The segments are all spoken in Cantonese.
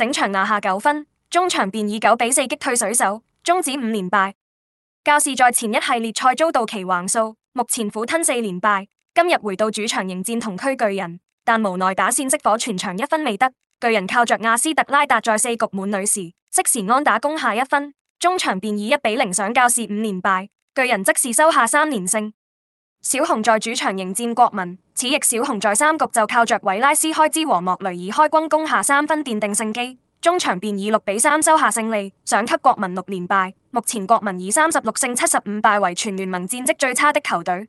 整場拿下九分，中場便以九比四擊退水手，終止五連敗。教士在前一系列賽遭到道奇橫掃，目前苦吞四連敗。今日回到主場迎戰同區巨人，但無奈打線熄火，全場一分未得。巨人靠着亞斯特拉達在四局滿壘時即時安打攻下一分，中場便以一比零上教士五連敗。巨人則是收下三連勝。小熊在主場迎戰國民，此役小熊在三局就靠着維拉斯開支和莫雷爾開轟攻下三分，奠定勝機，終場便以六比三收下勝利，賞給國民六連敗。目前國民以三十六勝七十五敗為全聯盟戰績最差的球隊。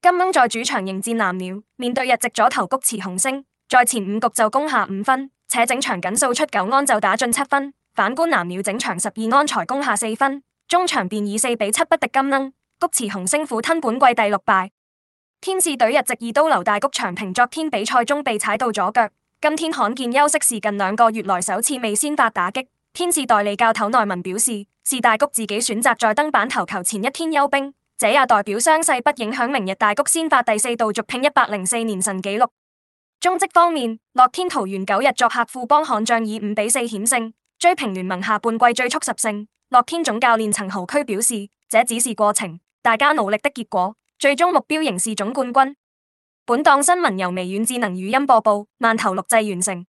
金鶯在主場迎戰藍鳥，面對日籍左投菊池雄星，在前五局就攻下五分，且整場僅掃出九安就打進七分。反觀藍鳥整場十二安才攻下四分，終場便以四比七不敵金鶯。菊池雄星苦吞本季第六敗。天使隊日籍二刀流大谷翔平昨天比賽中被踩到左腳，今天罕見休息，是近兩個月來首次未先發打擊。天使代理教頭內文表示，是大谷自己選擇在登板投球前一天休兵，這也代表傷勢不影響明日大谷先發第四度續拼一百零四年神紀錄。中職方面，樂天桃猿九日作客富邦悍將以五比四險勝，追平聯盟下半季最速十勝。樂天總教練曾豪駒表示，這只是過程。大家努力的結果，最終目標仍是總冠軍。本檔新聞由微軟智能語音播報，饅頭錄製完成。